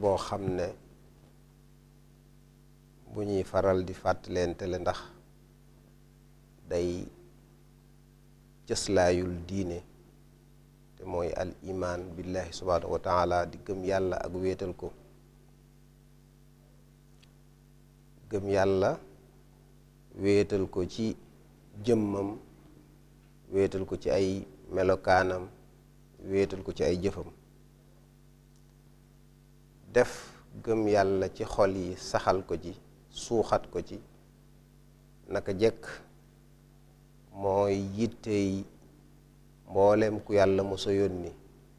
boo xam ne bu ñuy faral di fàttalente la ndax day cëslaayul diine te mooy al iman billahi subhanahu wa di gëm yàlla ak wéetal ko gëm yàlla wéetal ko ci jëmmam wéetal ko ci ay melokaanam wéetal ko ci ay jëfam def gëm yàlla ci xol yi saxal ko ci suuxat ko ci naka jëkk mooy yittey mboolem ku yàlla mosa yónni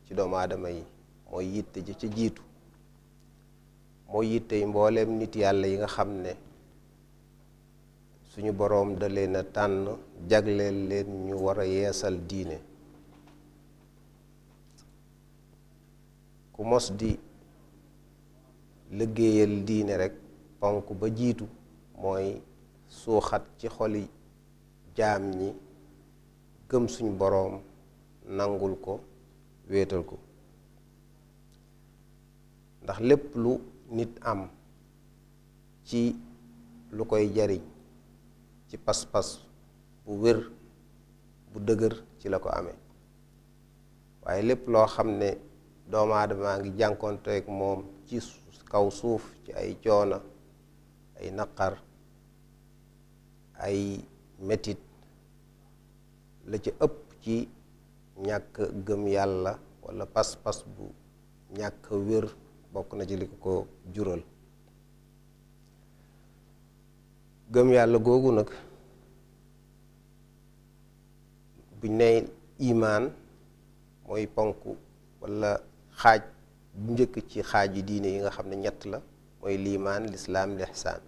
ci doomu aadama yi mooy yitte ji ci jiitu mooy yittey mbooleem nit yàlla yi nga xam ne suñu boroom da leen tànn jagleen leen ñu war a yeesal diine ku mos di liggéeyal diine rek ponk ba jiitu mooy suuxat ci xoli jaam ñi gëm suñ boroom nangul ko wéetal ko ndax lépp lu nit am ci lu koy jariñ ci pas-pas bu wér bu dëgër ci la ko ame waaye lépp loo xam ne doomu aadamaa ngi jànkoonteek moom ci kaw suuf ci ay coono ay naqar ay metit la ci ëpp ci ñàkk gëm yàlla wala pas-pas bu ñàkk wér bokk na ci li ko jural gëm yàlla googu nag bu ne imaan mooy ponk wala xaaj bu njëkk ci xaaji diine yi nga xam ne ñett la mooy liimaan lislaam lihsaan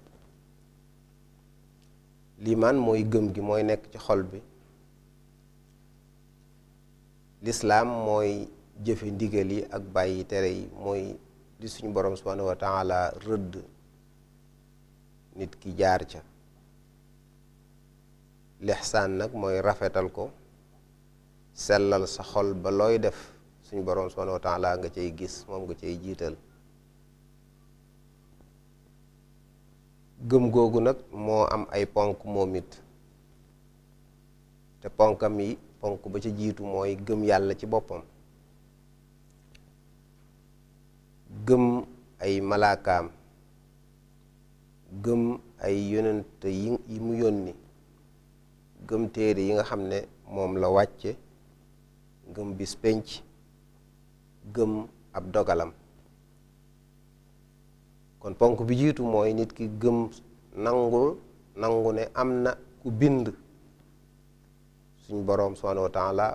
liimaan mooy gëm gi mooy nekk ci xol bi lislaam mooy jëfe ndigal yi ak bàyyi tere yi mooy di suñu borom subhanahu wa rëdd nit ki jaar ca lihsaan nag mooy rafetal ko sellal sa xol ba looy def suñu borom subhanahu wa taala nga cay gis moom nga cay jiital gëm googu nag moo am ay ponk moom it te ponkam yi ponk ba ca jiitu mooy gëm yàlla ci boppam gëm ay malaakaam gëm ay yonent yi mu yónni gëm téere yi nga xam ne moom la wàcce gëm bis penc gëm ab dogalam kon ponk bi jiitu mooy nit ki gëm nangul nangu ne am na ku bind suñ boroom subhanahu wa la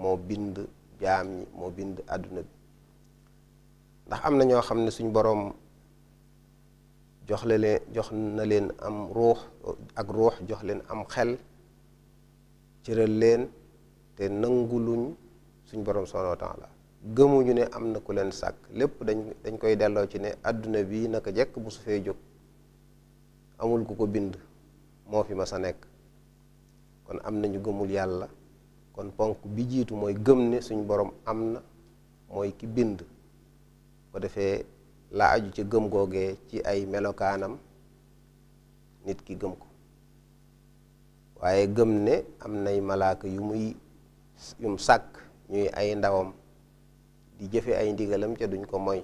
moo bind jaam ñi moo bind àdduna bi ndax am na ñoo xam ne suñ boroom jox la leen jox na leen am ruux ak ruux jox leen am xel cëral leen te nanguluñ suñ boroom subhanahu wa taala gëmuñu ne am na ku leen sàkk lépp dañ dañ koy delloo ci ne àdduna bi naka jekk bu su fee jóg amul ku ko bind moo fi mas a nekk kon am na ñu gëmul yàlla kon ponk bi jiitu mooy gëm ne suñ boroom am na mooy ki bind ko defee la aju ci gëm googee ci ay melokaanam nit ki gëm ko waaye gëm ne am nay malaaka yu muy yum sàkk ñuy ay ndawam di jëfe ay ndigalam ca duñ ko moy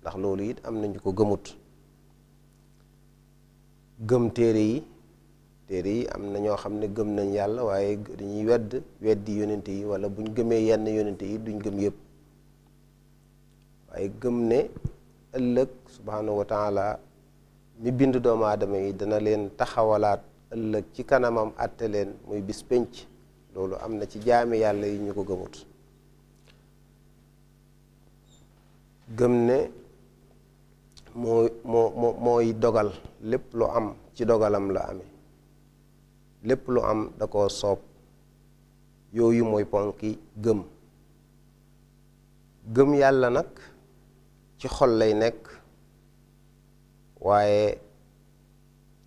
ndax loolu it am nañu ko gëmut gëm téere yi téere yi am na ñoo xam ne gëm nañ yàlla waaye dañuy wedd weddi yonent yi wala buñ gëmee yenn yonent yi duñ gëm yépp waaye gëm ne ëllëg subhanahu wa taala mi bind doomu aadama yi dana leen taxawalaat ëllëg ci kanamam àtte leen muy bis pénc loolu am na ci jaami yàlla yi ñu ko gëmut gëm ne moo moo mooy dogal lépp lu am ci dogalam la ame lépp lu am da koo soob yooyu mooy ponki gëm gëm yàlla nag ci xol lay nekk waaye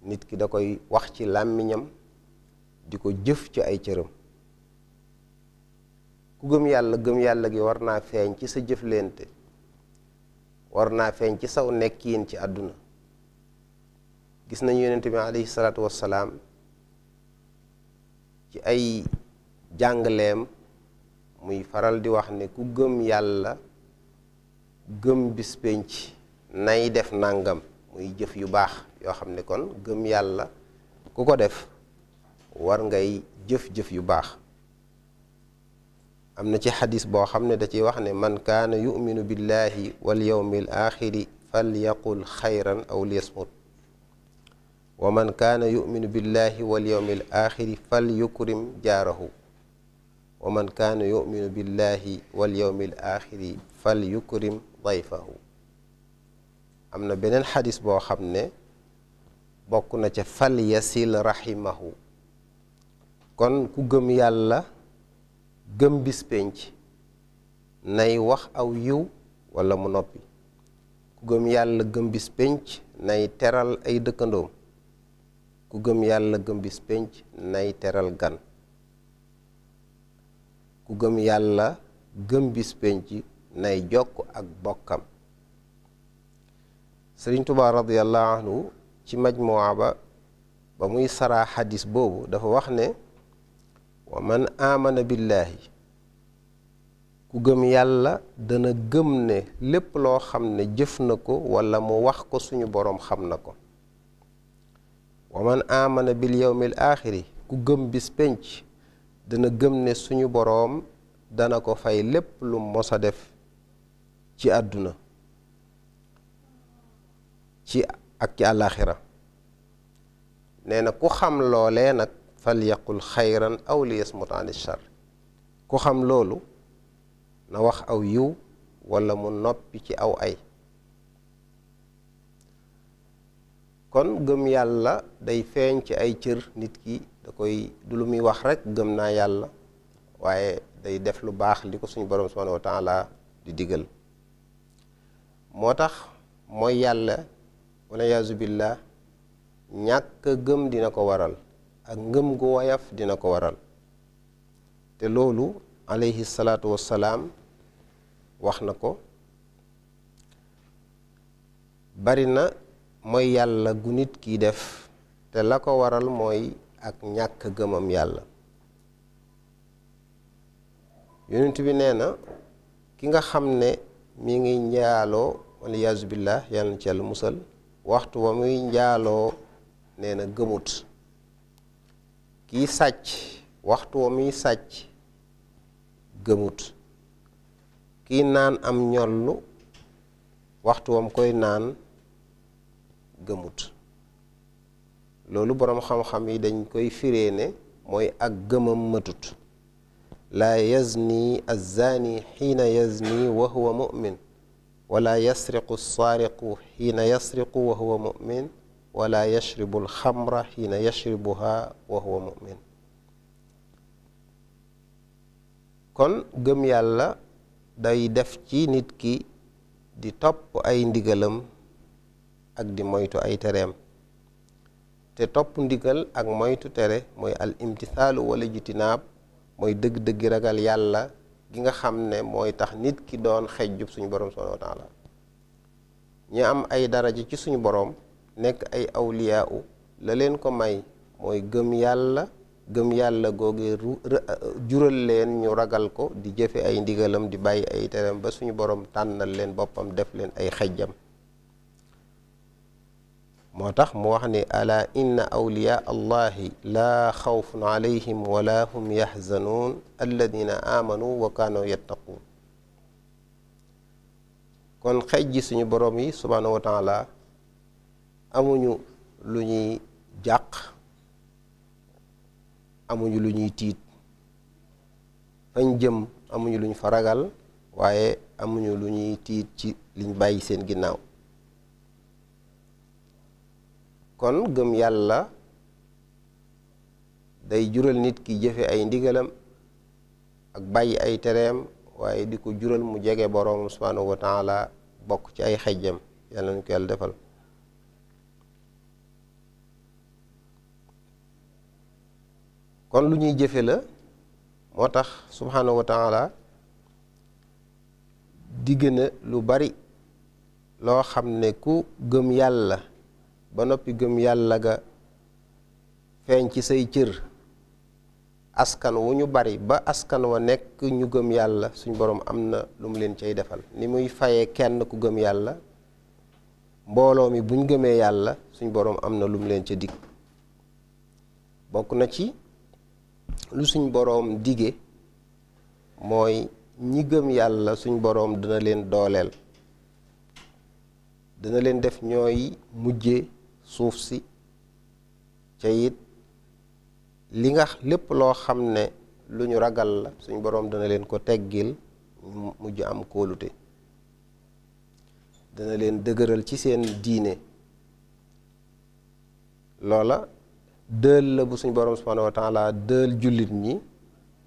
nit ki da koy wax ci làmmiñam di ko jëf ci ay cëram ku gëm yàlla gëm yàlla gi war naa feeñ ci sa jëflente war naa feeñ ci saw nekkiin ci àdduna gis nañu yonent bi alayhi salaatu wassalaam ci ay jàngaleem muy faral di wax ne ku gëm yàlla gëm bis nay def nàngam muy jëf yu baax yoo xam ne kon gëm yàlla ku ko def war ngay jëf-jëf yu baax am na ci xadis boo xam ne da ciy wax ne man kaan yuminu billahi wal yawmil axiri fal yaqul xayran aw liyasmut wa man kaana yuminu billahi wal yawmil fal yukrim jaarahu wa man kaana yuminu billahi wal yawmil am na beneen xadis boo xam ne bokk na ca fal yasil raximahu kon ku gëm yàlla gëm bis nay wax aw yiw walla mu noppi ku gëm yàlla gëm bis nay teral ay dëkkandoom ku gëm yàlla gëm bis nay teral gan ku gëm yàlla gëm bis penc nay jokk ak bokkam sëriñ tubaa radiyallahu anhu ci majmuwa ba ba muy saraa xadis boobu dafa wax ne wa man amana billaahi ku gëm yàlla dana gëm ne lépp loo xam ne jëf na ko walla mu wax ko suñu boroom xam na ko wa man amana bil yawmil aaxiri ku gëm bis penc dana gëm ne suñu boroom dana ko fay lépp lu mos def ci àdduna ci ak àllaaxira nee na ku xam loolee nag fal yaqul xayran aw li yasmut an char ku xam loolu na wax aw yiw walla mu noppi ci aw ay kon gëm yàlla day feeñ ci ay cër nit ki da koy du lu muy wax rekk gëm naa yàlla waaye day def lu baax li ko suñu borom subhanahu wa taala di digal moo tax mooy yàlla wala yaazu billah ñàkk gëm dina ko waral ak ngëm gu woyof dina ko waral te loolu alayhi salaatu wassalaam wax na ko bari na mooy yàlla gu nit kiy def te la ko waral mooy ak ñàkk gëmam yàlla yonent bi nee na ki nga xam ne mi ngi njaaloo waliyaasu billah yàlla na ci yàlla musal waxtu wa muy njaaloo neena gëmut kii sàcc waxtu wa muy sàcc gëmut kii naan am ñollu waxtu wam koy naan gëmut loolu boroom xam-xam yi dañ koy firee ne mooy ak gëmam matut laa yazni azzaani xiina yazni wa huwa mu'min wala yasriqu saariqu xiina yasriqu wa huwa wala yashribu alxamra xiina yashribuha wa huwa mumin kon gëm yàlla day def ci nit ki di topp ay ndigalam ak di moytu ay tereem te topp ndigal ak moytu tere mooy al imtisaalu wala jitinaab mooy dëgg-dëggi ragal yàlla gi nga xam ne mooy tax nit ki doon xejjub suñu boroom subhanahu wa taala ñu am ay daraja ci suñu boroom nekk ay awliya u la leen ko may mooy gëm yàlla gëm yàlla googee jural leen ñu ragal ko di jëfe ay ndigalam di bàyyi ay teram ba suñu boroom tànnal leen boppam def leen ay xejjam moo tax mu wax ni àla inna awliya allahi laa xawfun alayhim wala hum yaxzanuun alladina amanu wa kaanu yattaquun kon xejji suñu boroom yi subhaanahu wa amuñu lu ñuy jàq amuñu lu ñuy tiit fañ jëm amuñu lu ñu fa ragal waaye amuñu lu ñuy tiit ci liñ bàyyi seen ginnaaw kon gëm yàlla day jural nit ki jëfe ay ndigalam ak bàyyi ay tereem waaye di ko jural mu jege boroomam subhaanahu wa taala bokk ci ay xejjam yàlla nañu ko yàlla defal kon lu ñuy jëfe la moo tax subhanahu wa taala digg na lu bari loo xam ne ku gëm yàlla ba noppi gëm yàlla ga feeñ ci say cër askan wu ñu bari ba askan wa nekk ñu gëm yàlla suñu boroom am na lu mu leen cay defal ni muy fayee kenn ku gëm yàlla mbooloo mi buñ gëmee yàlla suñ boroom am na lu mu leen ca dig bokk na ci lu suñ boroom dige mooy ñi gëm yàlla suñ boroom dina leen dooleel dana leen def ñooy mujje suuf si ca it li nga lépp loo xam ne lu ñu ragal la suñ boroom dina leen ko teggil mujj am kóolute dana leen dëgëral ci seen diine loola dël la bu suñ borom subhanahu wa taala dël jullit ñi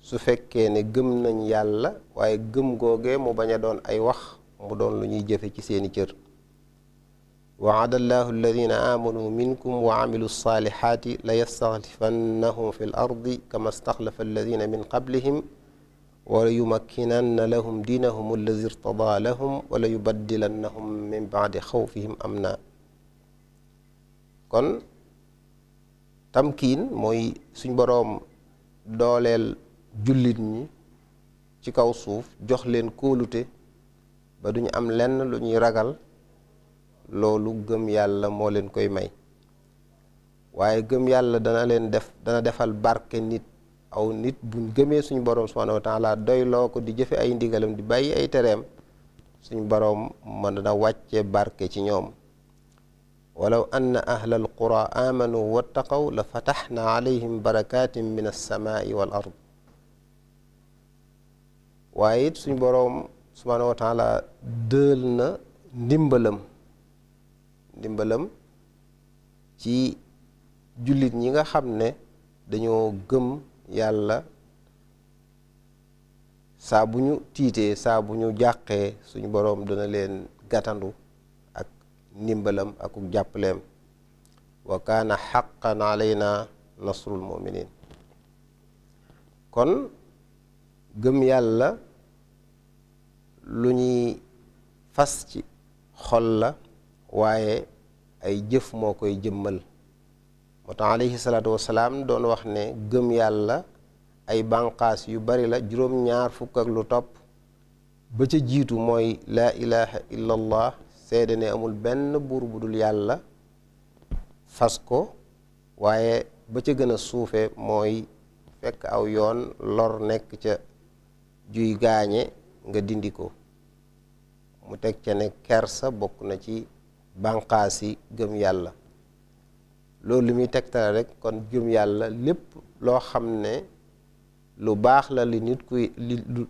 su fekkee ne gëm nañ yàlla waaye gëm googee mu bañ a doon ay wax mu doon lu ñuy jëfe ci seeni cër waada allahu alladina amanu minkum wa amilu lsalihati la yastaxlifannahum fi l wala yumakkinanna lahum diinahum alladi irtadaa lahum wala yubaddilannahum min baadi kon tamkiin mooy suñ boroom dooleel jullit ñi ci kaw suuf jox leen kóolute ba duñu am lenn lu ñuy ragal loolu gëm yàlla moo leen koy may waaye gëm yàlla dana leen def dana defal barke nit aw nit bu gëmee suñu boroom subhanahu wa doy loo ko di jëfe ay ndigalam di bàyyi ay tereem suñu boroom mën na wàcce barke ci ñoom walaw anna ahla alqura amanu wattaqaw la fataxna alayhim barakatin min alsamaai wal ard waaye it suñ boroom subhaanahu wa taala na ndimbalam ndimbalam ci jullit ñi nga xam ne dañoo gëm yàlla saa bu ñu tiitee saa bu ñu jàqee suñu boroom dina leen gàttandu ndimbalam akuk jàppaleem wa kaana xaqan alayna nasrul muminin kon gëm yàlla lu ñuy fas ci xol la waaye ay jëf moo koy jëmmal moo tax alayhi salaatu wasalaam doon wax ne gëm yàlla ay banqaas yu bari la juróom ñaar fukk ak lu topp ba ca jiitu mooy laa ilaha illa seede ne amul benn buur bu dul yàlla fas ko waaye ba ca gën a suufe mooy fekk aw yoon lor nekk ca juy gaañe nga dindi ko mu teg ca ne kersa bokk na ci bànqaasi gëm yàlla loolu li muy tegtale rekk kon gëm yàlla lépp loo xam ne lu baax la li nit ku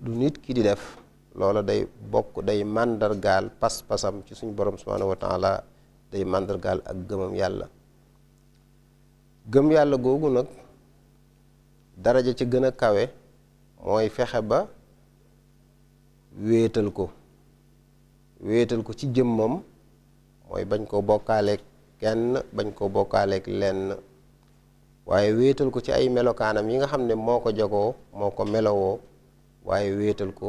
lu nit ki di def loola day bokk day màndargaal pas-pasam ci suñu borom subhaanahu wa day màndargaal ak gëmam yàlla gëm yàlla googu nag daraja ci gën a kawe mooy fexe ba wéetal ko wéetal ko ci jëmmam mooy bañ ko bokkaaleeg kenn bañ ko bokkaaleeg lenn waaye wéetal ko ci ay melokaanam yi nga xam ne moo ko jogoo moo ko melowoo waaye wéetal ko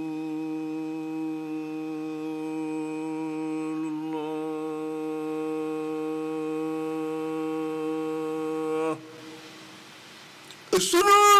sunu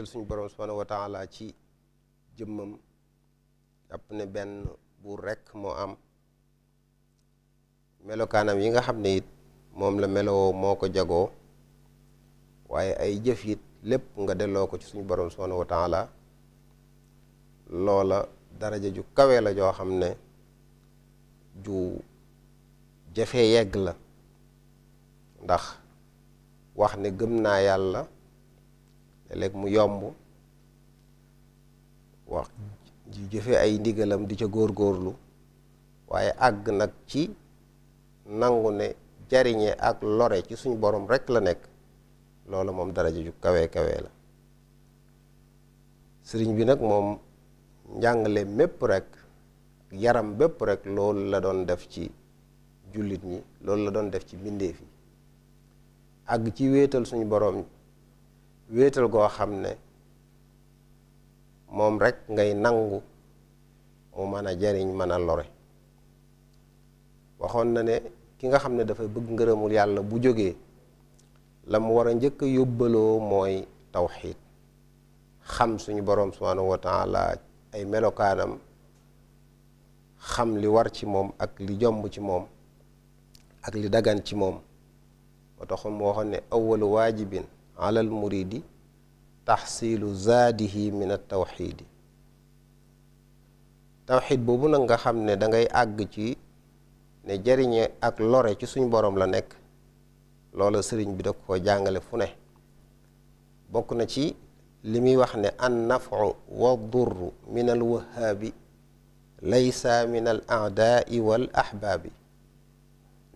wéetal suñu borom subhanahu wa ci jëmmam jàpp ne benn buur rekk moo am melokaanam yi nga xam ne it moom la melowoo moo ko jagoo waaye ay jëf it lépp nga delloo ko ci suñu borom subhanahu wa taala loola daraja ju kawe la joo xam ne ju jafe yegg la ndax wax ne gëm naa yàlla léeg mu yomb wax jëfe ay ndigalam di ca góor góorlu waaye àgg nag ci nangu ne jariñe ak lore ci suñu boroom rekk la nekk loolu moom daraja ju kawe kawe la sëriñ bi nag moom njàngale mépp rekk yaram bépp rekk loolu la doon def ci jullit ñi loolu la doon def ci mbindeef yi àgg ci wéetal suñu boroom wéetal goo xam ne moom rekk ngay nangu mu mën a jariñ mën a lore waxoon na ne ki nga xam ne dafay bëgg ngërëmul yàlla bu jógee la mu war a njëkk a yóbbaloo mooy tawxiid xam suñu boroom subhaanahu wa taala ay melokaanam xam li war ci moom ak li jomb ci moom ak li dagan ci moom moo taxoon mu waxoon ne awalu waajibin ala al muridi taxsiilu zaadihi min at tawxiidi tawxiid boobu nag nga xam ne dangay àgg ci ne jariñe ak lore ci suñ boroom la nekk loola sëriñ bi da ko jàngale fu ne bokk na ci li muy wax ne an nafu wa durru min al wahaabi laysa min al aadaai wal ahbaabi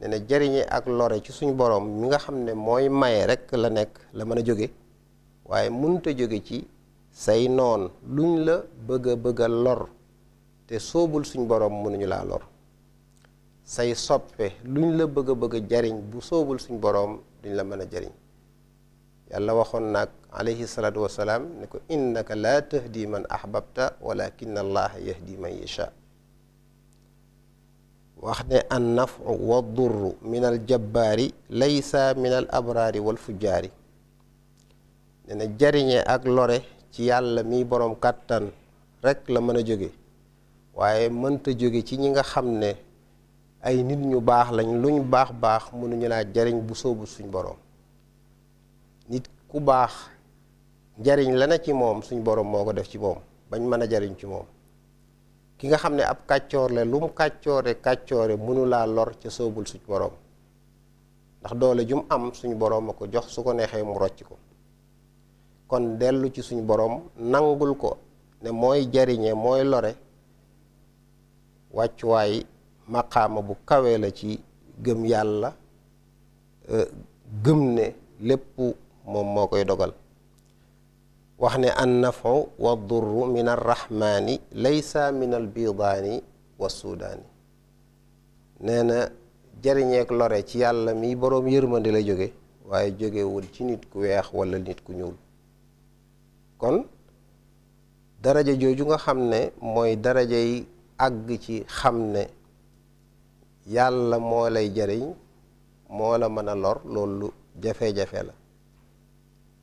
ne jariñe ak lore ci suñu borom mi nga xam ne mooy maye rek la nekk la mën a jóge waaye mënut a jóge ci say noon luñ la bëgg a bëgg lor te soobul suñu borom mënuñu laa lor say soppe luñ la bëgg a bëgg jariñ bu soobul suñu borom duñ la mën a jariñ yàlla waxoon nag alayhi salaatu wasalaam ne ko innaka laa tahdi man ahbabta walakin allaha di man yasha wax ne an naf wa durru minal al jabbaari laysa min al abraari wal fujjaari ne jariñe ak lore ci yàlla mi boroom kàttan rekk la mën a jóge waaye mënta jóge ci ñi nga xam ne ay nit ñu baax lañ luñ baax baax mënuñu laa jariñ bu soobu suñ boroom nit ku baax njariñ la ci moom suñ boroom moo ko def ci moom bañ mën a jariñ ci moom ki nga xam ne ab kàccoor la lu mu kàccoore kàccoore mënulaa lor ca soobul suñ boroom ndax doole jum am suñ boroom a ko jox su ko neexee mu rocc ko kon dellu ci suñu boroom nangul ko ne mooy jariñe mooy lore wàccuwaay maqaama bu kawee la ci gëm yàlla euh, gëm ne lépp moom moo koy dogal wax ne an nafu wa durru min arrahmaani laysa min albidaani wa suudaani nee na jariñeek lore ci yàlla mi boroom yërmande la jóge waaye jógewul ci nit ku weex wala nit ku ñuul kon daraja jooju nga xam ne mooy daraja yi àgg ci xam ne yàlla moo lay jariñ moo la mën a lor loolu jafe-jafe la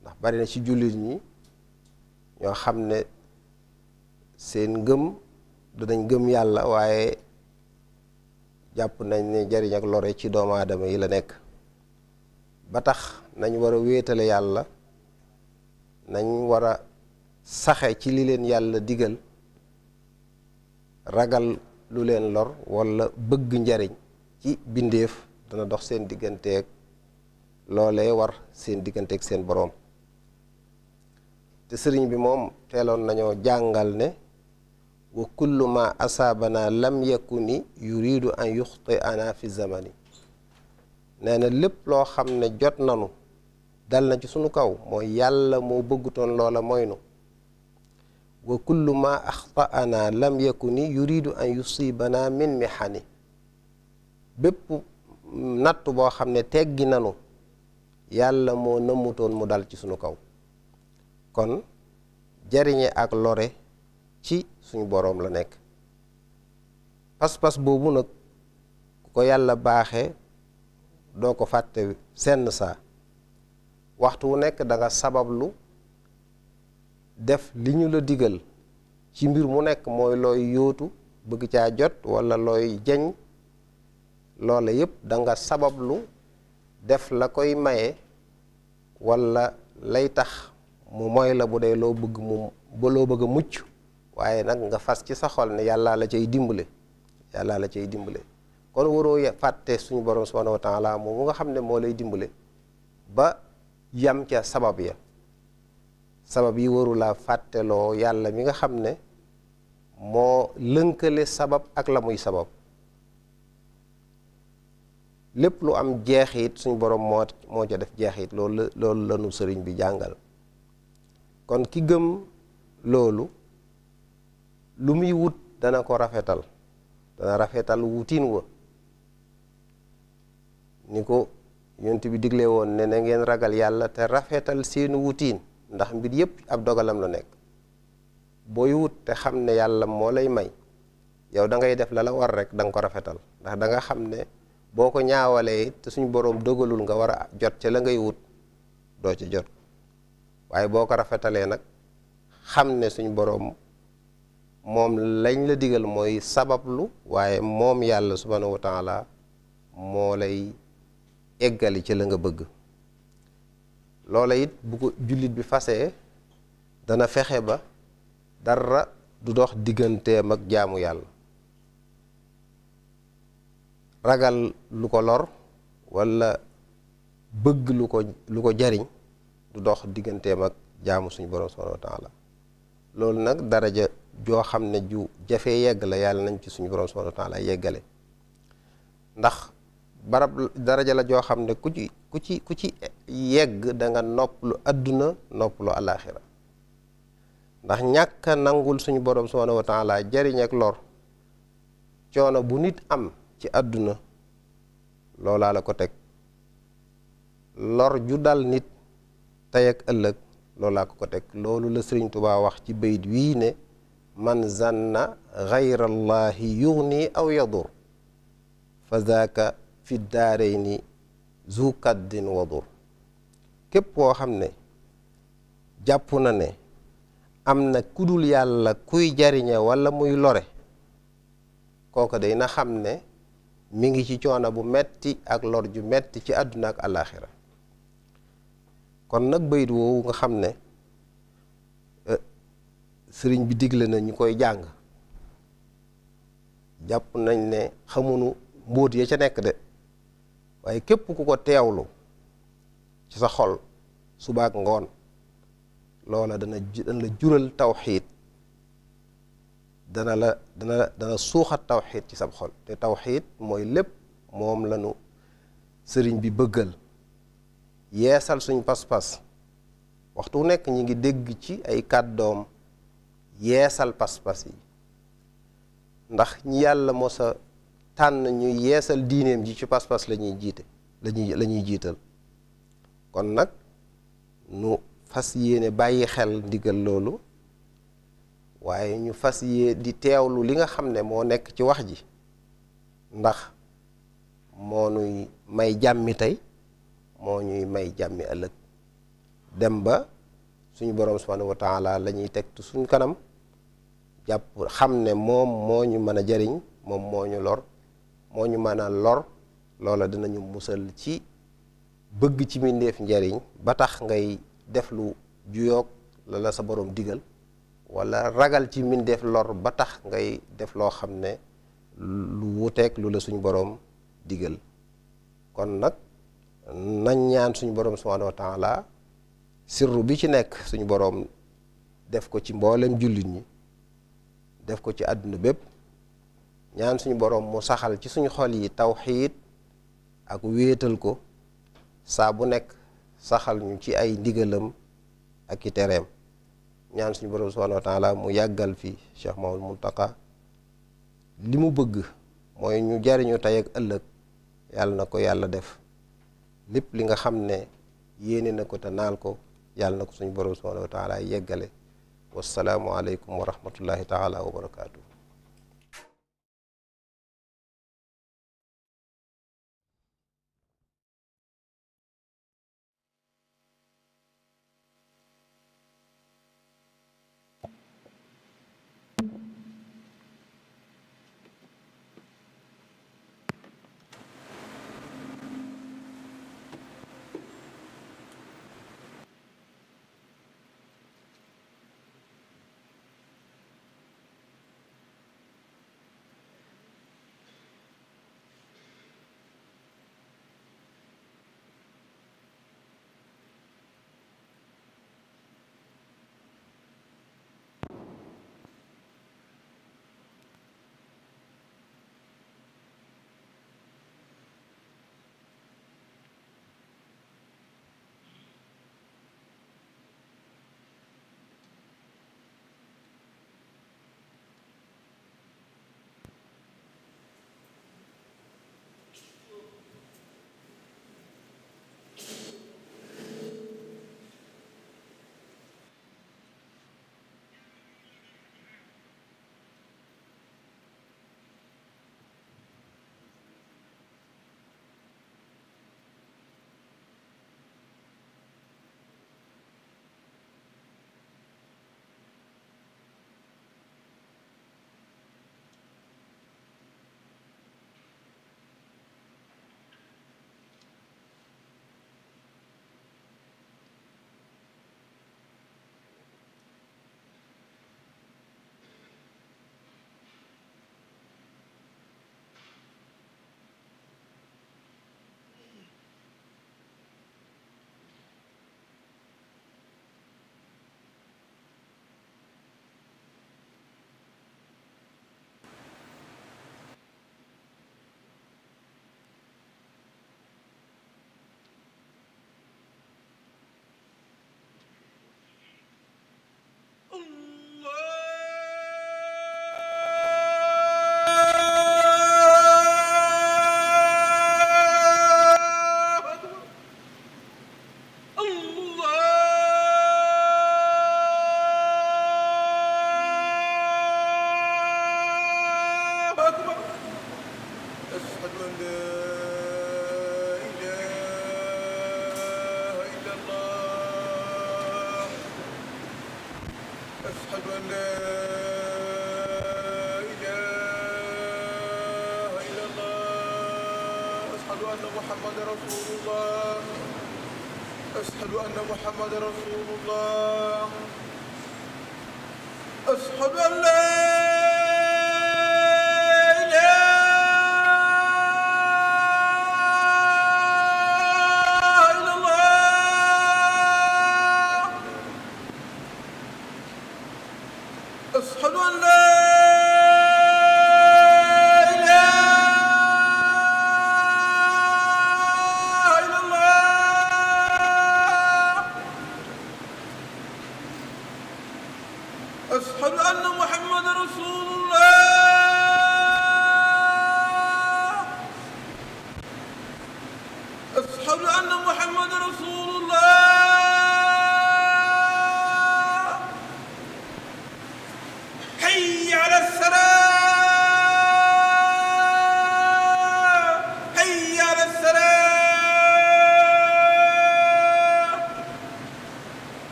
ndax bari ci jullit ñi ñoo xam ne seen ngëm danañ gëm yàlla waaye jàpp nañ ne jariñ lore ci doomu aadama yi la nekk ba tax nañ war a wéetale yàlla nañ war a saxe ci li leen yàlla digal ragal lu leen lor walla bëgg njariñ ci bindeef dana dox seen digganteeg loolee war seen digganteek seen boroom te sëriñ bi moom teeloon nañoo jàngal ne wa kullu ma asaabana lam yakuni yuridu an yuxti ana fi zamani nee lépp loo xam ne jot nanu dal na ci sunu kaw mooy yàlla moo bëggutoon loola mooy nu wa kullu ma axtaana lam yakuni yuridu an yusibana min mihani bépp natt boo xam ne teggi nanu yàlla moo nëmmutoon mu dal ci sunu kaw kon jariñe ak lore ci suñu boroom la nekk pas-pas boobu nag ku ko yàlla baaxe doo ko fàtte senn saa waxtu wu nekk danga sabablu def li ñu la digal ci mbir mu nekk mooy looy yóotu bëgg caa jot walla looy jañ loola yépp danga sabablu def la koy maye walla lay tax mu mooy la bu dee loo bëgg mu loo bëgg a mucc waaye nag nga fas ci sa xol ne yàlla la cay dimbale yàllaa la cay dimbale kon waroo fàtte suñu borom subhanahu wa mu nga xam ne moo lay dimbale ba yam sabab ya sabab yi waru fàtteloo yàlla mi nga xam ne moo lënkale sabab ak la muy sabab lépp lu am jeexit suñu borom moo moo ca def jeexit loolu loolu lanu sëriñ bi jàngal kon ki gëm loolu lu muy wut dana ko rafetal dana rafetal wutiin wa ni ko yont bi digle woon ne na ngeen ragal yàlla te rafetal seenu wutiin ndax mbir yépp ab dogalam lu nekk booy wut te xam ne yàlla moo lay may yow da ngay def la la war rek danga ko rafetal ndax danga xam ne boo ko ñaawalee te suñu boroom dogalul nga war a jot ca la ngay wut doo ci jot waaye boo ko rafetalee nag xam ne suñ boroom moom lañ la digal mooy sabablu waaye moom yàlla subhanahu wa taala moo lay eggali ci la nga bëgg loola it bu ko jullit bi fasee dana fexe ba dara du dox digganteem ak jaamu yàlla ragal lu ko lor walla bëgg lu ko lu ko jariñ du dox digganteem ak jaamu suñu borom subhanahu wa loolu nag daraja joo xam ne ju jafee yegg la yàlla nañ ci suñu borom subhanahu wa yeggale ndax barab daraja la joo xam ne ku ci ku ci ku ci yegg danga da nga noppalu adduna noppalu alaxira ndax ñàkk a nangul suñu boroom subhanahu wa taala jariñ ak lor coono bu nit am ci àdduna loolaa la ko teg lor ju dal nit tey ak ëllëg loolaa ko ko teg loolu la Sëriñ Tuubaa wax ci bayit wii ne man zanna gayra allahi yugni aw yadur fa zaaka fi daarayni zu kaddin wadur képp koo xam ne jàpp na ne am na kudul yàlla kuy jariñe walla muy lore kooku day na xam ne mu ngi ci coono bu metti ak lor ju metti ci àdduna ak alaaxira kon nag bayit woowu nga xam ne eh, sëriñ bi digle na ñu koy jàng jàpp nañ ne xamunu mbóot ya ca nekk de waaye képp ku ko teewlu ci sa xol subaak ngoon loola dana dana la jural tawxiid dana la dana dana suuxat tawxiid ci sab xol te tawxiid mooy lépp moom lanu sëriñ bi bëggal yeesal suñ pas-pas waxtu nekk ñi ngi dégg ci ay kàddoom yeesal pas-pas yi ndax ñi yàlla mosa tànn ñu yeesal diineem ji ci pas-pas la jiite lañuy jiital kon nag nu fas yéene bàyyi xel ndigal loolu waaye ñu fas yée di teewlu li nga xam ne moo nekk ci wax ji ndax moo nuy may jàmmi tey moo ñuy may jàmmi ëllëg dem ba suñu borom subhanahu wa taala la ñuy teg suñu kanam jàpp xam ne moom moo ñu mën a jariñ moom moo ñu lor moo ñu mën a lor loola dinañu musal ci bëgg ci mbindeef njariñ ba tax ngay def lu juyoog la la sa boroom digal walla ragal ci mbindeef lor ba tax ngay def loo xam ne lu wuteeg lu la suñu boroom digal kon nag nañ ñaan suñu borom subhanahu wa taala sirru bi ci nekk suñu boroom def ko ci mbooleem jullit ñi def ko ci àdduna bépp ñaan suñu boroom mu saxal ci suñu xol yi tawxiid ak wéetal ko saa bu nekk saxal ñu ci ay ndigalam ak i tereem ñaan suñu borom subhanahu wa taala mu yàggal fi Cheikh mu Muntaka li mu bëgg mooy ñu jariñu tey ak ëllëg yàlla na ko yàlla def lépp li nga xam ne yéene na ko te naal ko yàlla na ko suñu borom subhanahu wa taala yeggale wasalaamualeykum wa rahmatullahi taala wa barakaatu.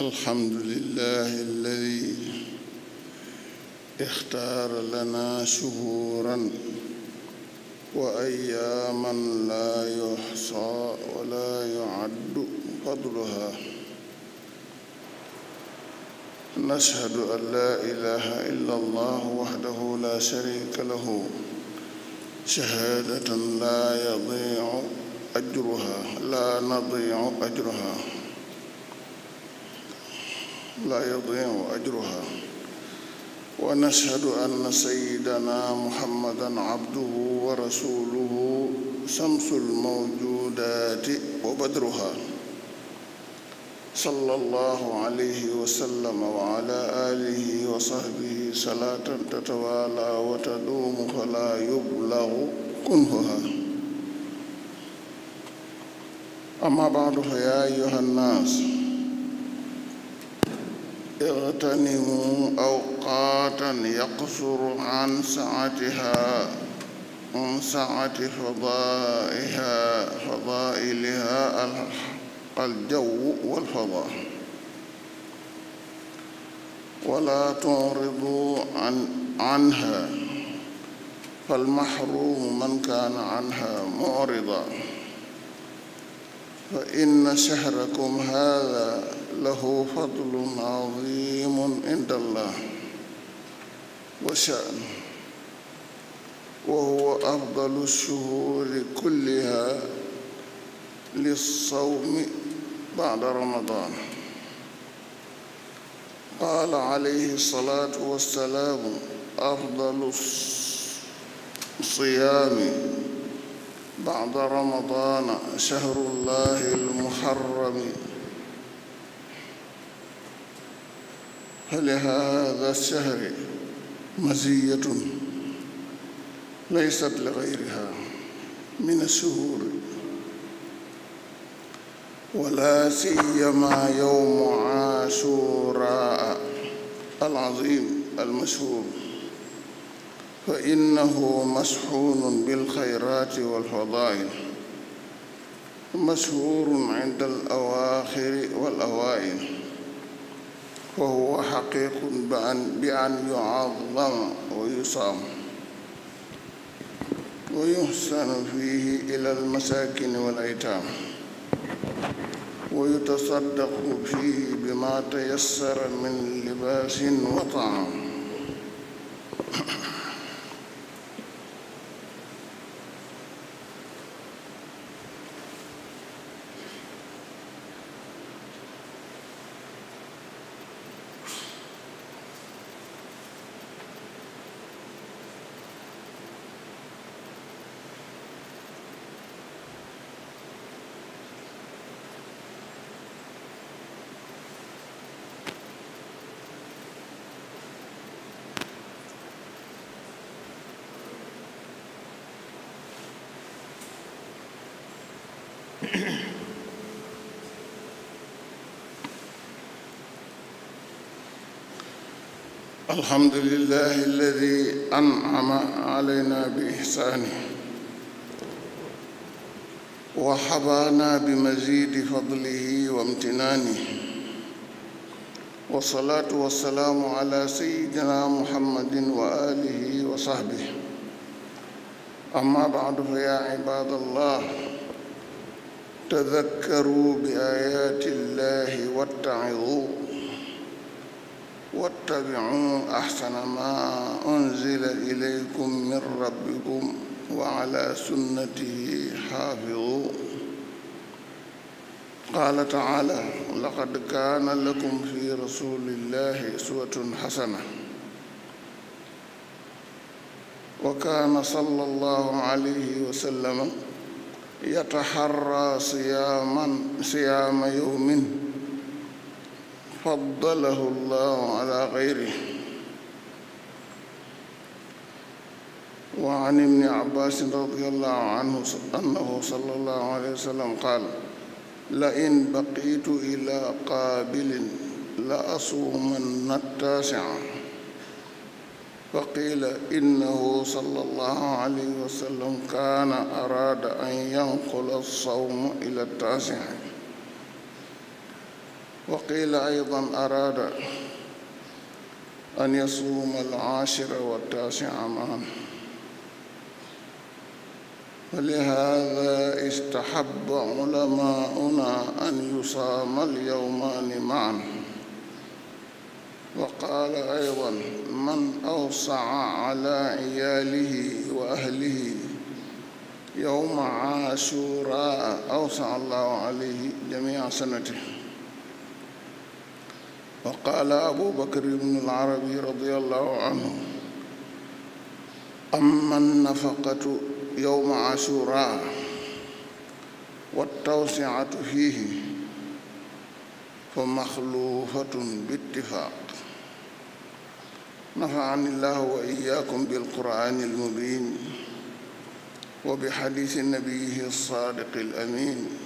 الحمد لله الذي اختار لنا شهورا وأياما لا يحصى ولا يعد فضلها نشهد أن لا إله إلا الله وحده لا شريك له شهادة لا يضيع أجرها لا نضيع أجرها لا يضيع أجرها ونشهد أن سيدنا محمدا عبده ورسوله شمس الموجودات وبدرها صلى الله عليه وسلم وعلى آله وصحبه صلاة تتوالى وتدوم فلا يبلغ كنهها أما بعد فيا أيها الناس اغتنموا أوقاتا يقصر عن سعتها عن سعة فضائها فضائلها الجو والفضاء ولا تعرضوا عن عنها فالمحروم من كان عنها معرضا فإن شهركم هذا له فضل عظيم عند الله وشأن وهو أفضل الشهور كلها للصوم بعد رمضان قال عليه الصلاة والسلام أفضل الصيام بعد رمضان شهر الله المحرم لهذا الشهر مزية ليست لغيرها من الشهور ولا سيما يوم عاشوراء العظيم المشهور فإنه مسحون بالخيرات والفضائل مشهور عند الأواخر والأوائل fa huwa xaqiqun bi an bi an yucazam wa yusaam wa yuxsanu fihi ila almasakin walaytaam wa yutasaddaqu fihi bima tayassara min libaasin wa taam الحمد لله الذي أنعم علينا بإحسانه وحبانا بمزيد فضله وامتنانه والصلاة والسلام على سيدنا محمد وآله وصحبه أما بعد فيا عباد الله تذكروا بآيات الله واتعظوا wattabi'u ahsana ma unzila ilaykum min rabbikum wa ala sunnatihi haafizu qaala ta'aala laqad kaana lakum fi rasulillahi uswatun hasana wa kaana sallallahu alayhi wa sallama yataharra siyaama siyaama yawmin فضله الله على غيره وعن ابن عباس رضي الله عنه أنه صلى الله عليه وسلم قال لئن بقيت إلى قابل لأصومن التاسع فقيل إنه صلى الله عليه وسلم كان أراد أن ينقل الصوم إلى التاسع وقيل أيضا أراد أن يصوم العاشر والتاسع معا ولهذا استحب علماؤنا أن يصام اليومان معا وقال أيضا من أوصع على عياله وأهله يوم عاشوراء أوصى الله عليه جميع سنته wa qaala abu bakr ibnu al-arabi radiyallahu anhu amma an-nafaqatu yawma ashura wa tawsi'atu fiihi fa maxluufatun bi-ittifaaq nafa'ani llaahu wa iyyaakum bil-qur'aani al-mubiin wa bi hadiisi nabiyyihi as-saadiqi al-amiin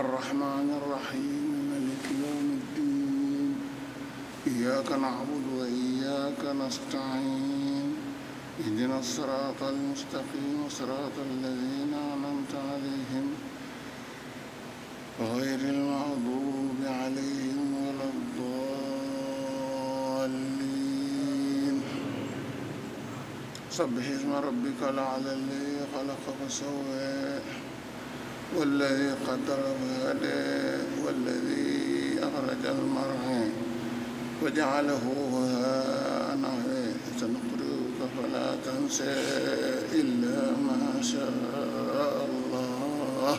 الرحمن الرحيم ملك يوم الدين إياك نعبد وإياك نستعين اهدنا الصراط المستقيم صراط الذين أنعمت عليهم غير المغضوب عليهم ولا الضالين سبح اسم ربك الأعلى الذي خلق فسواه والذي قدر فهدى والذي أخرج المرعى وجعله هاء نحوه سنقرئك فلا تنسى إلا ما شاء الله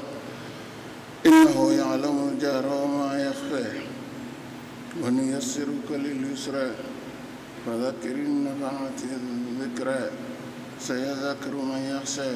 إنه يعلم الجهر وما يخفى ونيسرك لليسرى فذكر النفعة الذكرى سيذكر من يخشى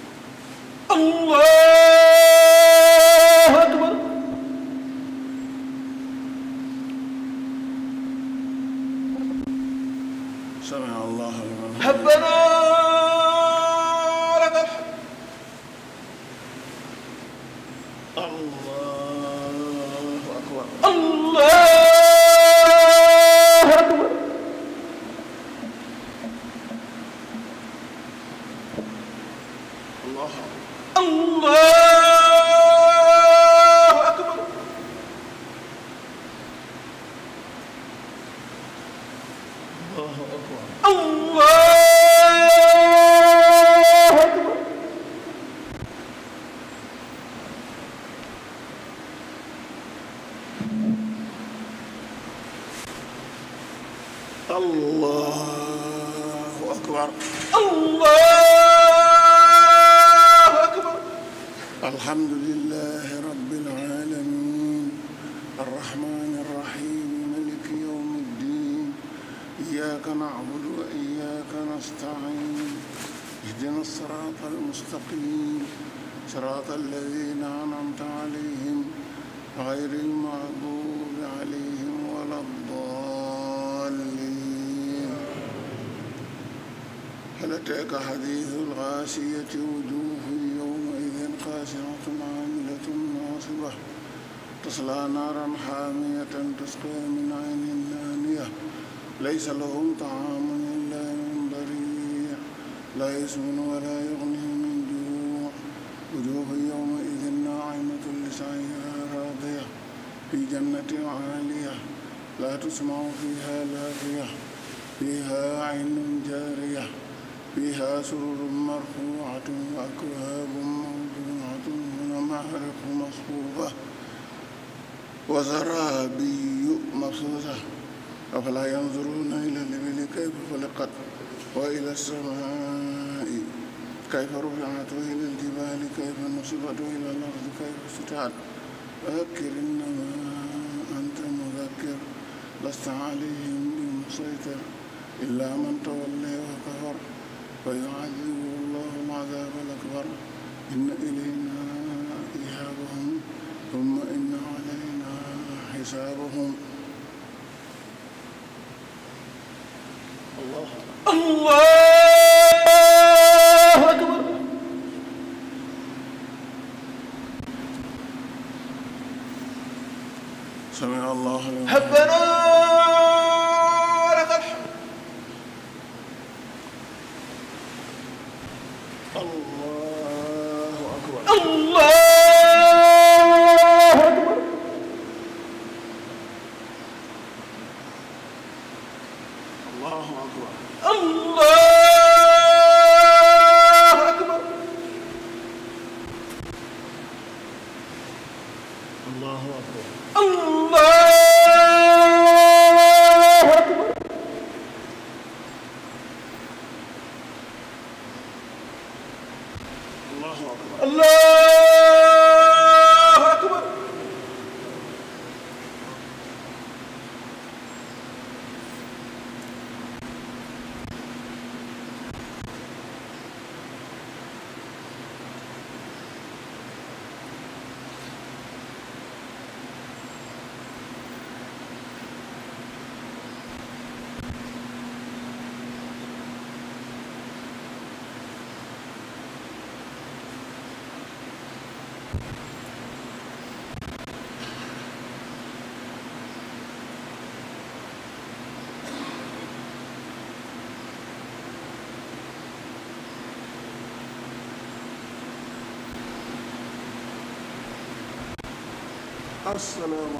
الله جنة عالية لا تسمع فيها لاغية فيها عين جارية فيها سرر مرفوعة وأكواب موضوعة ونمارق مصفوفة وزرابي مبثوثة أفلا ينظرون إلى الإبل كيف خلقت وإلى السماء كيف رفعت وإلى الجبال كيف نصبت وإلى الأرض كيف استطاعت فذكر إنما lasta alayhim bi musaytir illa man tawalla wa kafar fa yu'adhibuhu llahu al-'adhab al-akbar inna ilayna iyaabahum thumma inna alayna hisaabahum Allah السلام عليكم